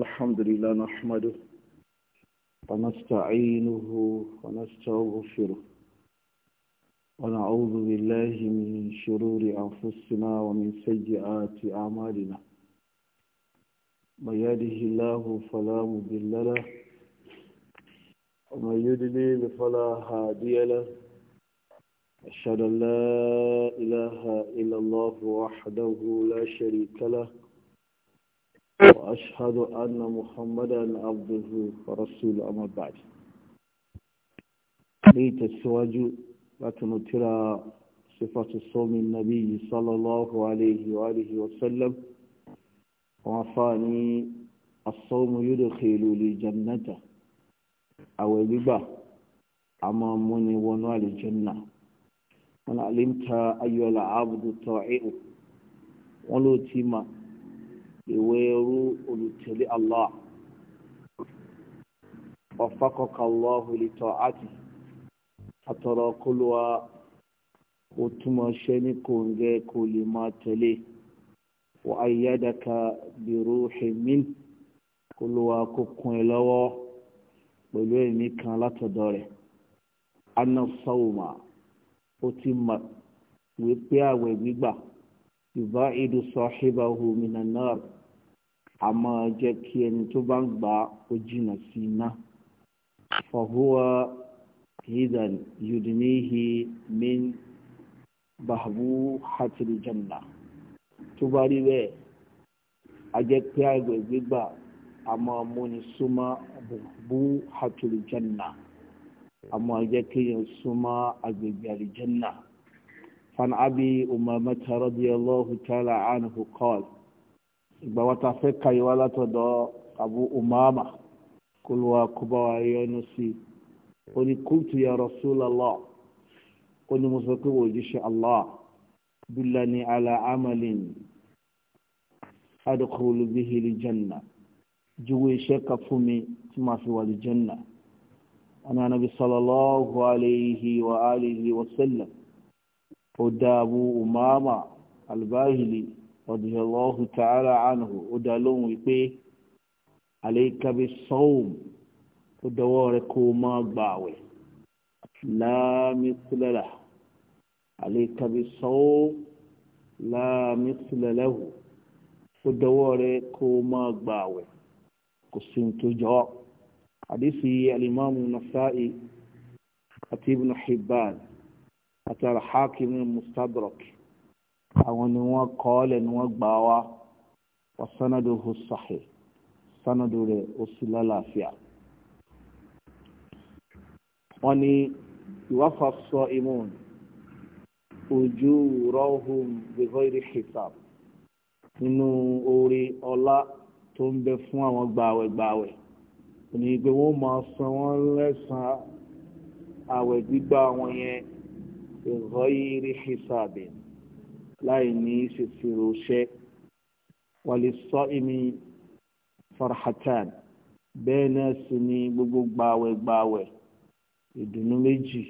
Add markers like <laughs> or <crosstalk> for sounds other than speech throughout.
الحمد لله نحمده ونستعينه ونستغفره ونعوذ بالله من شرور أنفسنا ومن سيئات أعمالنا من يده الله فلا مضل له ومن يضلل فلا هادي له أشهد أن لا إله إلا الله وحده لا شريك له وأشهد أن محمدا عبده ورسوله أما بعد ليت السواج لتنترى صفة صوم النبي صلى الله عليه وآله وسلم وعفاني الصوم يدخل لجنته أو ببا أما مني ونوى الجنة من علمت أيها العبد الطائع ولو تيما ìwé ruo olùtẹ̀lé Allah waffaqaka Allahu li àtọ̀rọ̀ kólúwa ó túmọ̀ ṣẹ́ ní kòǹgẹ́ kò lè máa tẹ̀lé wa ayyadaka bi ruhin min kólúwa kó kún ẹ lọ́wọ́ pẹ̀lú ẹ̀mí kan látọ̀dọ̀ rẹ̀ anna sawma ó ti mọ̀ wípé àwẹ̀ gbígbà yubaidu nar a máa jẹ́ kí ẹni tó bá ń gbà ó jìnà sí iná fahuwa hidan yudinihi min bahabu hatiri janna tó bá rí bẹ́ẹ̀ a jẹ́ pé àgbẹ̀ gbígbà a máa múni súnmọ́ bahabu hatil janna a máa jẹ́ kí ẹni súnmọ́ agbègbè àlìjanna fan abi umamata radiyallahu ta'ala anhu qala ìgbà wa ta fẹ́ ka ìwà látọ̀dọ̀ Abu Umama kólúwa kóbá wa yọnu sí ó ní kúùtù ya Rasulallah ó ní musa pé wò jíṣẹ́ Allah bílani ala amalin adkhulu bihi li janna juwe iṣẹ́ ka fún mi tí ma fi wà li janna ana nabi sallallahu alayhi wa alihi wa sallam ó dá Abu Umama albahili radiyallahu ta'ala anhu ó dá lóhùn wípé alayka bis-sawm ó dọwọ́ rẹ kó o máa gbà wẹ̀ la mithla lahu alayka bis-sawm la mithla lahu ó dọwọ́ rẹ kó o máa gbà wẹ̀ kò sí tó jọ ọ́ alimami nasa'i àti ibn hibban àti alhakim mustadrak àwọn ni wọ́n kọ́ ọ́lẹ̀ ni wọ́n gbà wá wọ́n sanadu hu sahih sanadu rẹ̀ ó sì lálàáfíà. wọ́n ní ìwáfà sọ imun ojú rọ́hùn bighairi hisab nínú orí ọlá tó ń bẹ fún àwọn gbààwẹ̀ gbààwẹ̀ òní pé wọ́n máa san wọ́n lẹ́sàn-án gbígbà wọn yẹn bighairi hisabin láì ní ṣèṣirò ṣẹ́ wàlẹ̀ sọ ìmí farhatan bẹ́ẹ̀ náà sì ni gbogbo gbààwẹ̀ gbààwẹ̀ ìdùnnú méjì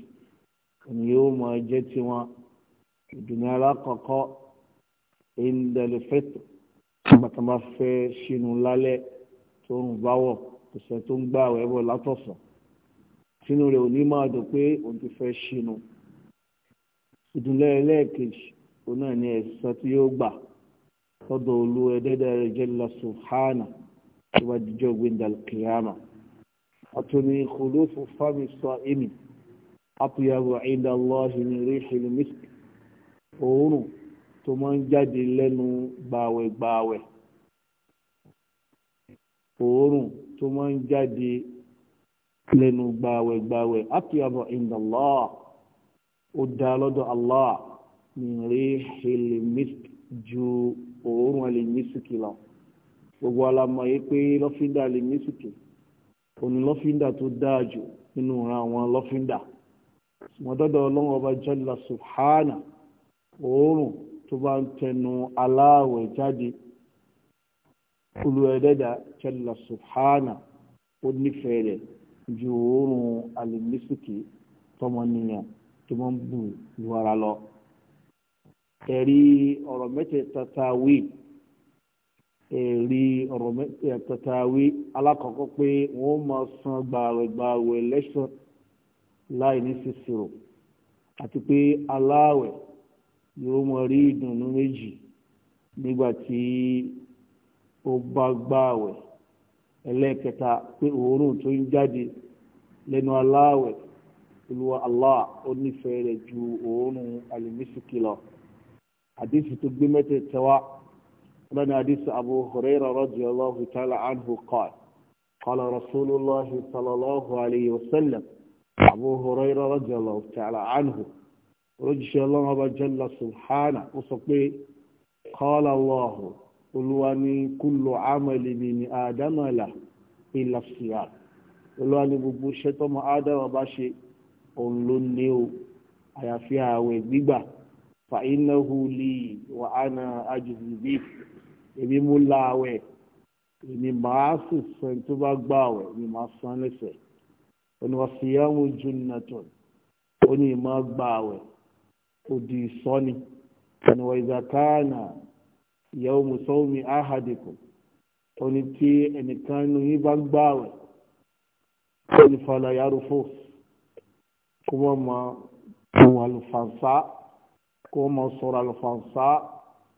ni yóò máa jẹ́ tiwọn ìdùnnú alákọ̀ọ́kọ́ indalifit bàtà bá fẹ́ sínú lálẹ́ tó ń báwọ̀ ọ̀sẹ̀ tó ń gbààwẹ̀ bọ̀ látọ̀sán sínú rẹ̀ ò ní máa dùn pé òun ti fẹ́ sínú ìdùnnú ẹlẹ́ẹ̀kejì òun náà ní ẹ̀san tí yóò gbà lọ́dọ̀ olú ẹ̀dẹ́dẹ́ rẹ̀ jalla subhana tó bá jíjọ́ gbẹ̀ndàl kìyàmà àtúní khulufu fami sa'imi atyabu inda Allahi min rihil misk òórùn tó máa ń jáde lẹ́nu gbàwẹ̀gbàwẹ̀ òórùn tó máa ń jáde lẹ́nu gbàwẹ̀gbàwẹ̀ atyabu inda Allah ó dá lọ́dọ̀ Allah min rihil misk ju òórùn àlèmísìkì lọ gbogbo alamọ̀ yìí pé lọ́fíńdà àlèmísìkì òní lọ́fíńdà tó dáa jù nínú ìran àwọn lọ́fíńdà mọ̀dọ́dọ̀ ọlọ́run ọba jalla subhana òórùn tó bá ń tẹnu aláàwẹ̀ jáde olùẹ̀dẹ́dà jalla subhana ó nífẹ̀ẹ́ rẹ̀ ju òórùn àlèmísìkì tọmọnìyàn tó máa ń bù lu ara lọ ẹ̀rí ọ̀rọ̀ mẹ́tẹ̀ẹ̀ta tàwí ẹ̀rí ọ̀rọ̀ mẹ́tẹ̀ẹ̀ta tàwí alákọ̀ọ́kọ́ pé wọ́n máa san gbàrẹ̀gbàrẹ̀ lẹ́sàn láì ní sísirò àti pé aláàwẹ̀ yóò mọ rí ìdùnnú méjì nígbà tí ó bá gbààwẹ̀ ẹlẹ́ẹ̀kẹta pé òórùn tó ń jáde lẹ́nu aláàwẹ̀ olúwa Allah ó nífẹ̀ẹ́ rẹ̀ ju òórùn alìmísìkì lọ. حديث تقدمة التواء من حديث أبو هريرة رضي الله تعالى عنه قال قال رسول الله صلى الله عليه وسلم أبو هريرة رضي الله تعالى عنه رجي الله جل سبحانه وصفه قال الله olùwani kúlò àmàlì ni ni àdámàlà ìlàfíà olùwani gbogbo iṣẹ́ tọ́mọ ádámà bá ṣe òun ló ní o àyàfi ààwẹ̀ fa innahu li wa ana ajzi bi èmi mú láàwẹ̀ èmi màá sì sàn tó bá gbààwẹ̀ èmi màá san lẹ́sẹ̀ oníwàsíyàwó junnaton ó ní ìmọ̀ gbààwẹ̀ òdì ìsọ́ni oníwà ìzàkánà ìyàwó mùsọ́wọ́mí áhàdìkù ó ní tí ẹnìkan nínú yín bá gbààwẹ̀ ó ní falẹ̀ yàrá fò kó wọ́n mọ òun àlùfàǹsá kó mọ sọ̀rọ̀ àlùfànṣá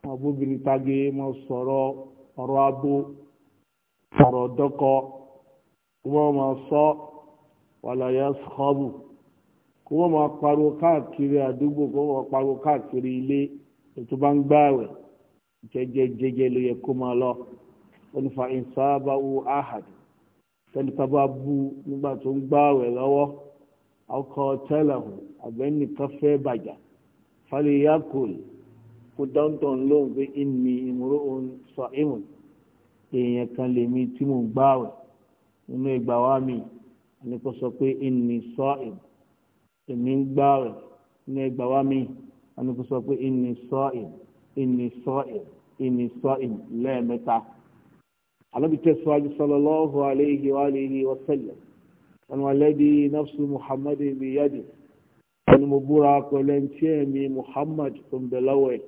mọ bóbìnrin tágé mọ sọ̀rọ̀ ọ̀rọ̀ abó ọ̀rọ̀ dọ́kọ wọ́n mọ sọ wàlàyé sọ́ọ̀bù kó wọ́n mọ pariwo káàkiri àdúgbò kó wọ́n mọ pariwo káàkiri ilé ètò bá ń gbààwẹ̀ jẹjẹjẹjẹ ló yẹ kó máa lọ onífà ìsáàbáwò ahad tẹnifà bá bú nígbà tó ń gbààwẹ̀ lọ́wọ́ ọkọ̀ tẹ́lẹ̀ hù àbẹ́nìkan fẹ́ bàjá falyakul kó dáńtọ̀ ń lóhùn pé inni imru'un sa'imun èèyàn kan lèmi tí mò ń gbààwẹ̀ nínú ìgbà wa mi ni kò sọ pé inni sa'im èmi ń gbààwẹ̀ nínú ìgbà wa mi ni kò sọ pé inni sa'im inni sa'im inni sa'im lẹ́ẹ̀mẹ́ta. Ànábì tẹ̀síwájú sallallahu alayhi wa alihi wa wọn lẹ́bi nafsu Muhammadin biyadihi ẹni mo búra pẹ̀lú ẹni tí ẹ̀mí Muhammad tó ń bẹ lọ́wọ́ ẹ̀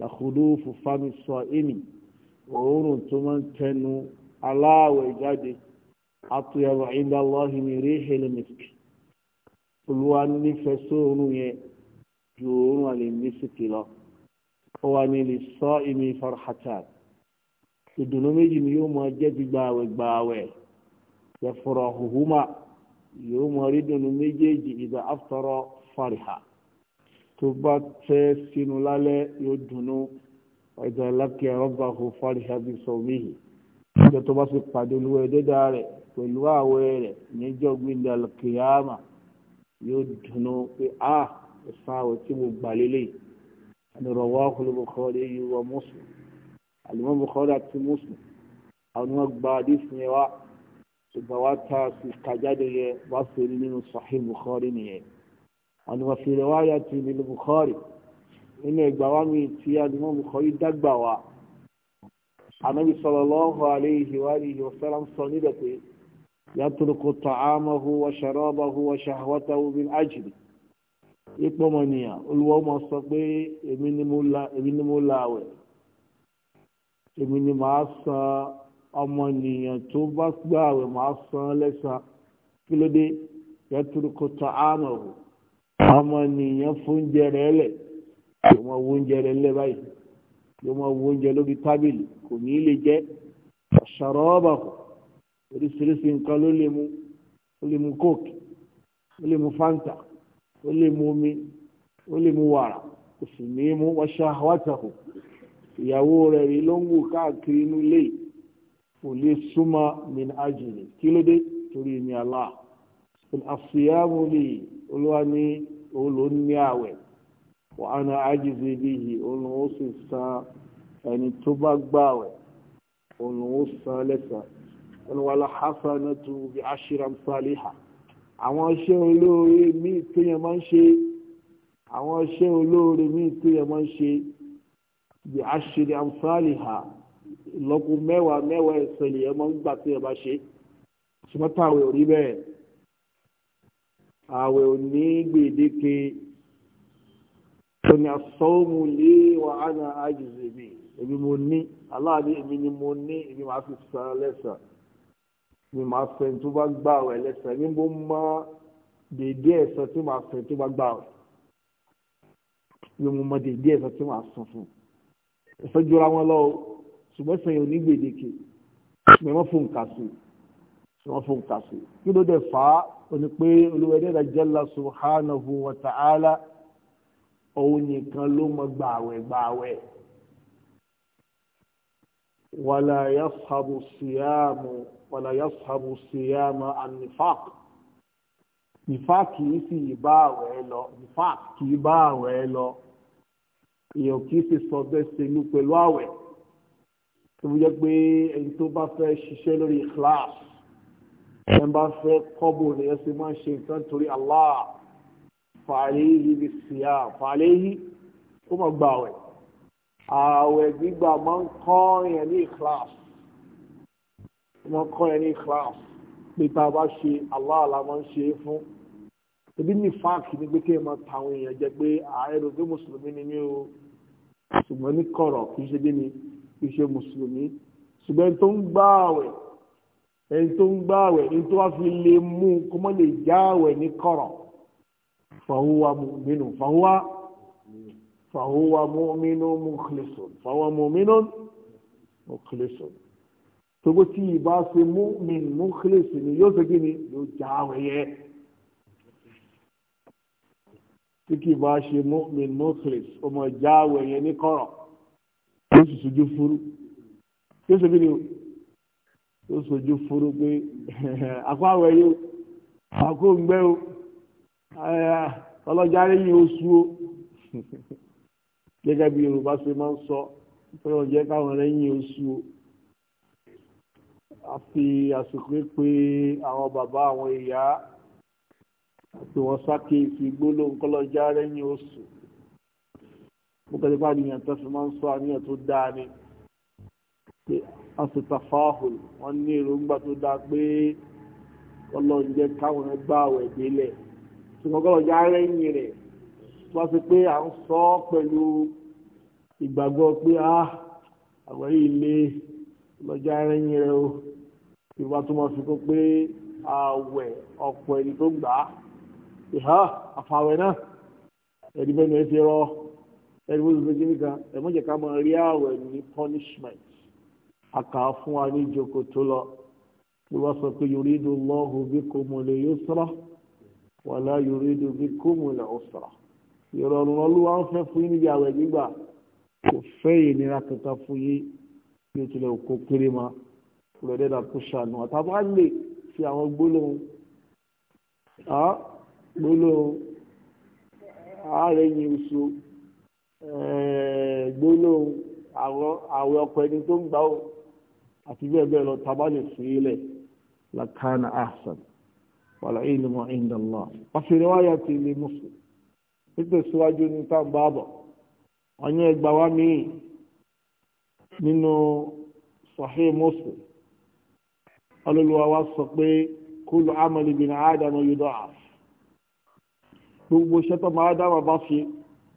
làkúdú fúfami sọ ẹ̀mí òórùn tó máa ń tẹnu aláwẹ̀ jáde àtúnyẹ̀wò ìdáláhi ní rí helimisiki olúwa nífẹ̀ẹ́ sóòórùn yẹn ju òórùn àlèmísìkì lọ ó wà ní lè sọ ẹ̀mí farhatan ìdùnnú méjì ni yóò máa jẹ́ ti gbààwẹ̀ gbààwẹ̀ yẹ fọ̀rọ̀ hùhùmá yóò máa rí dùnnú méjèèjì ìgbà àfọ̀rọ̀ fariha tó bá tẹ́ sínú lálẹ́ yóò dùnú ọ̀dà lápẹ́ rabbahu fariha bí sawmihi ìjọ tó bá sì pàdé olúwa ẹ̀dẹ́dà rẹ̀ pẹ̀lú àwẹ̀ rẹ̀ níjọ́ gbìndà kìyàmà yóò dùnú pé a ẹ̀sán àwẹ̀ tí mo gbà lélẹ̀ rawahu al-Bukhari wa Muslim al-Imam Bukhari àti Muslim àwọn wọn gba àdìsí yẹn wá ṣùgbọ́n wá tá a sì yẹ wá sí nínú Sahih Bukhari nìyẹn àni wọ́n fi rẹwáyà ti nínú Bukhari nínú ìgbà wa mi ti àdìmọ́ Bukhari dágbà wa anabi sallallahu alayhi wa alihi wa sallam sọ níbẹ̀ pé yàtúrùkù tàámahu wa sharabahu wa shahwatahu bil ajri ipò mọ̀nìyàn olùwọ́ mọ̀ sọ pé èmi ni mo láwẹ̀ èmi ni màá san ọmọnìyàn tó bá gbààwẹ̀ màá san lẹ́san kí yàtúrùkù tàámahu ọmọ nìyẹn fún jẹrẹ ẹlẹ yóò máa wo oúnjẹ rẹ lẹ báyìí yóò máa wo oúnjẹ lórí tábìlì kò ní lè jẹ ọ̀ṣọ̀rọ̀ ọ̀bà kù oríṣiríṣi nǹkan ló lè mu ó lè mu coke ó lè mu fanta ó lè mu omi ó lè mu wàrà kò sì ní mú ọṣọ àwátàkù ìyàwó rẹ̀ rí ló ń wò káàkiri inú ilé kò lè súnmọ́ min ajìnì kí ló dé torí mi Allah àfìyàmù lè olúwa ní òun ló ní àwẹ̀ wọn á na ájìzú ibi yìí òun ó sì san ẹni tó bá gbààwẹ̀ òun ó san lẹ́san ẹni wàlá hasanatu bi ashri amsaliha àwọn iṣẹ́ olóore míì téèyàn máa ń ṣe àwọn iṣẹ́ olóore míì téèyàn máa ń ṣe bi ashri amsaliha ìlọ́kù mẹ́wàá mẹ́wàá ẹ̀sẹ̀ lèyàn máa ń gbà téèyàn bá ṣe ṣùgbọ́n táwọn ò rí bẹ́ẹ̀ ààwẹ̀ ò ní gbèdéke tòní àsọ́ọ̀mù lé wà á na àjèjì mi èmi mo ní aláàbí èmi ni mo ní èmi máa fi san lẹ́sàn mi máa fẹ́ tó bá gbà wẹ̀ lẹ́sàn ní mo mọ dèédé ẹ̀san tí màá fẹ́ tó bá gbà wẹ̀ ní mo mọ dèédé ẹ̀san tí màá san fún ẹ̀san jọra wọn lọ ṣùgbọ́n sẹ́yìn ò gbèdéke ṣùgbọ́n fún nǹkan sí i tí wọ́n fún kà sí kí ló dé fà á ó ní pé olùwẹ̀dẹ́dà jalla subhanahu wa ta'ala òun nìkan ló mọ gbààwẹ̀ gbààwẹ̀ wàlà yashabu siyamu wàlà yashabu siyamu an-nifaq nifaq kìí sì bá àwẹ̀ lọ nifaq kìí bá lọ èèyàn kìí sì sọ bẹ́ẹ̀ ṣèlú pẹ̀lú àwẹ̀ tó fi jẹ́ pé ẹni tó bá fẹ́ ṣiṣẹ́ lórí ikhlas ẹ bá fẹ́ kọ́bù ni ẹ sì máa ṣe nǹkan torí Allah fàlẹ́yìí bí síyá fàlẹ́yìí ó máa gba àwẹ̀ àwẹ̀ gbígbà máa ń kọ́ yẹn ní ìkíláàsì ó máa ń kọ́ yẹn ní ìkíláàsì pé tá a bá ṣe Allah la máa ń ṣe é fún ebi ní fáàkì ní pé kí ẹ máa ta èèyàn jẹ pé ààrẹ ló gbé mùsùlùmí ni mí o ṣùgbọ́n ní kọ̀rọ̀ kì í ṣe bí mi kì í ṣe mùsùlùmí ṣùgbọ́n tó ń gbá àwẹ̀ ẹni tó ń gbá àwẹ̀ ẹni tó wá fi lè mú kó mọ́ lè já àwẹ̀ ní kọ̀rọ̀ fàhùwà mùmínú fàhùwà fàhùwà mùmínú mukhlisun fàhùwà mùmínú mukhlisun tókó tí ìbá ṣe mu'min mukhlisun ni yóò ṣe kí ni yóò já àwẹ̀ yẹ tí kì bá ṣe mu'min mukhlis ọmọ já àwẹ̀ yẹ ní kọ̀rọ̀ yóò sì ṣojú fúrú yóò ṣe kí ni tó sojú fúru pé akọ <laughs> àwẹ yìí o akọ òǹgbẹ o eh, ọlọ́jàre yìí o sú o <laughs> gẹ́gẹ́ bí Yorùbá ṣe máa ń sọ pé ọ̀jẹ́ káwọn rẹ̀ yìí o sú o a fi àsìkò pé àwọn bàbá àwọn ìyá àti wọn sáké fi gbólóhùn kọ́lọ́jàre yìí o sùn mo kẹ́lẹ́ bá nìyẹn tó fi máa ń sọ àníyàn tó dáa ni pé asùtàfáhùn wọ́n ní èròǹgbà tó dá pé ọlọ́run jẹ́ káwọn gbá àwẹ̀ délẹ̀ ṣùgbọ́n kọ́ ọjà rẹ́yìn rẹ̀ wọ́n fi pé à ń sọ ọ́ pẹ̀lú ìgbàgbọ́ pé a àwẹ̀ yìí lé lọ́jà rẹ́yìn rẹ̀ o ìwà tó máa fi kó pé àwẹ̀ ọ̀pọ̀ ẹni tó gbà á ìhá àfàwẹ̀ náà ẹ̀dí bẹ́ẹ̀ ni ẹ ti rọ ẹ̀dí bó ti fi kí nìkan ẹ̀mọ́jẹ̀ká máa rí àwẹ̀ ní punishment àkà fún wa ní ìjókòó tó lọ tí wọ́n sọ pé yuridu Allahu bikumul yusra wala yuridu bikumul usra ìrọ̀rùn Olúwa ń fẹ́ fún yín níbi àwẹ̀ gbígbà kò fẹ́ ìnira kankan fún yín bí o tilẹ̀ kó kéré ma lọ́dẹ̀ dà kó ṣàánú àtàwọn àlè fi àwọn gbólóhùn gbólóhùn ààrẹ yìí oṣù gbólóhùn àwọn ọkọ̀ ẹni tó ń gbà ó àti bẹ́ẹ̀ bẹ́ẹ̀ lọ tàbá lè fi ilẹ̀ lakana ahsan wàlá ilmu inda Allah wọ́n fi riwaya ti ilé Muslim nítòsíwájú ní tábàbọ̀ ọ̀yẹ́ ẹgbà wá mí nínú Sahih Muslim ọlọ́lùwà wa sọ pé kullu amali bin Adam yud'af gbogbo ṣẹ́tọ́ máa dáwà bá fi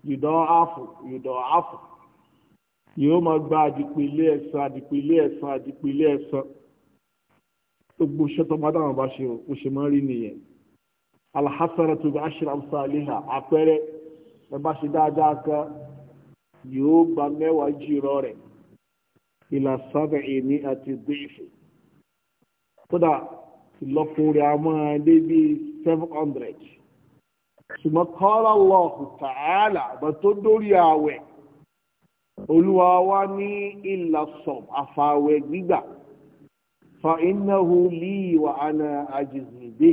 yud'af yud'af yóò máa gba àdìpẹ̀lẹ̀ ẹ̀san àdìpẹ̀lẹ̀ ẹ̀san àdìpẹ̀lẹ̀ ẹ̀san gbogbo iṣẹ́ tó máa dáhùn bá ṣe o ṣe máa rí nìyẹn alhassara tó bá ṣe àmsa àléhà àpẹẹrẹ ẹ bá ṣe dáadáa kan yóò gba mẹ́wàá jìrọ rẹ̀ ìlà sábẹ̀ èmi àti déèfì kódà ìlọ́kùnrin a máa seven hundred ṣùgbọ́n qala Allahu ta'ala àbá dórí ààwẹ̀ olúwa wa ní ìlà sọ̀m àfàwẹ̀ gbígbà fa innahu li wa ana ajizi bi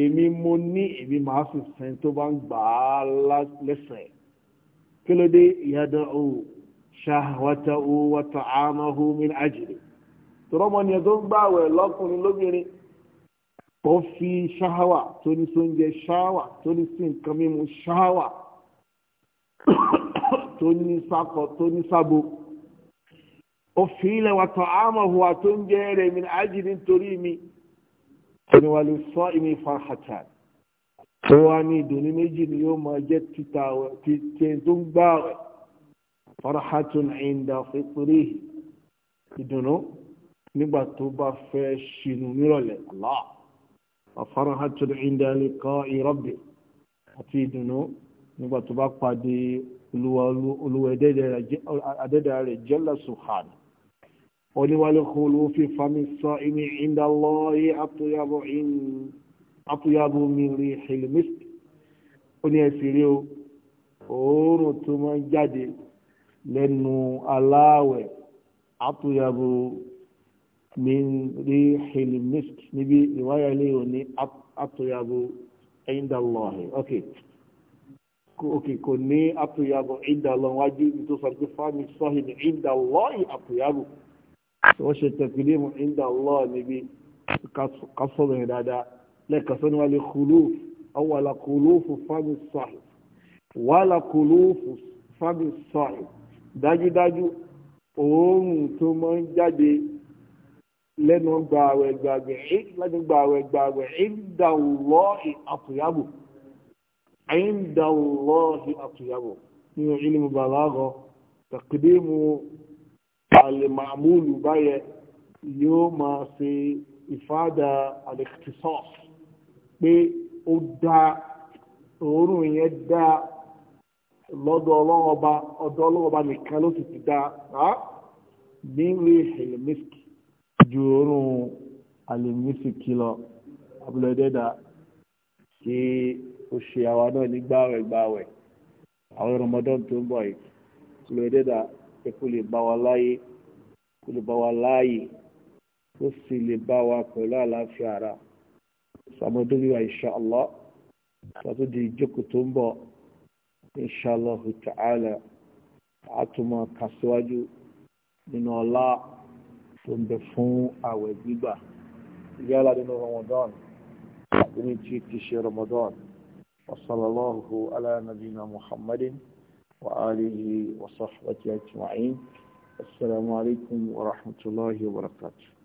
èmi mo ní èmi máa fi sẹ́ni tó bá ń gbà á lẹ́sẹ̀ kí ló dé ìyàdá o ṣàwátà o wàtà àmàhù min ajri tọ́rọ́mọ ni tó ń gbàwẹ̀ lọ́kùnrin lóbìnrin ó fi ṣáwà tó ní sóúnjẹ ṣáwà tó ní sí nǹkan mímu ṣáwà tó ní sákọ tó ní sábò ó fi ilẹ̀ wà tán àmọ̀ hùwà tó ń jẹ́ rẹ̀ mi ájì nítorí mi ẹni wà lè sọ ìmì farhata tó wá ní ìdùnnú méjì ni yóò máa jẹ́ títà títẹ̀ tó ń gbà rẹ̀ farhatun inda fitri ìdùnnú nígbà tó bá fẹ́ ṣìnú nírọ̀lẹ́ Allah farhatun inda liqa'i rabbi àti ìdùnnú nígbà tó bá pàdé olúwa adẹ́dà rẹ̀ jalla subhanahu oníwàlẹ̀ kòló fi fami sọ imi inda Allahi àtúyàbò min rihil misk ó ní ẹ̀sìn rí o oòrùn tó máa ń jáde lẹ́nu aláwẹ̀ àtúyàbò min rihil misk níbi ìwáyà ilé òní àtúyàbò inda Allahi okay òkè kò ní àpòyàbọ̀ ìdàlọ́ wájú tó sọ pé fámi sọ́hìn ìdàlọ́ àpòyàbọ̀ tí wọ́n ṣe tẹ̀kìlì mọ̀ ìdàlọ́ níbi kásọ̀rọ̀ yẹn dáadáa lẹ́ẹ̀kasọ́ ni wọ́n lè khuluf awàlà khulufu fámi sọ́hìn wàlà khulufu fámi sọ́hìn dájúdájú òórùn tó máa ń jáde lẹ́nu gbàwẹ̀ gbàwẹ̀ ìdàlọ́ àpòyàbọ̀. عند الله أطيبه من علم بلاغة تقديم المعمول بي يوم في إفادة الاختصاص pé ó dá òórùn yẹn dá lọ́dọ̀ ọlọ́ọba ọ̀dọ̀ ọlọ́ọba nìkan ló sì ti dá á ní rí helimisiki ju òórùn alimisiki lọ abúlé dẹ́dà kí ó ṣe àwa náà ní gbààwẹ̀ gbààwẹ̀ àwọn Ramadan tó ń bọ̀ yìí kò lè dẹ́dà ẹ kò lè bá wa láàyè kò lè bá wa láàyè ó sì lè bá wa pẹ̀lú àlàáfíà ara sàmọ́dúnrún insha Allah sọ́tún di ìjókòó tó ń bọ̀ insha Allah àtúmọ̀ kàṣíwájú nínú ọlá tó ń bẹ fún àwẹ̀ gbígbà yálà nínú Ramadan àbí ní ti ti ṣe Ramadan. وصلى الله على نبينا محمد وآله وصحبه أجمعين السلام عليكم ورحمة الله وبركاته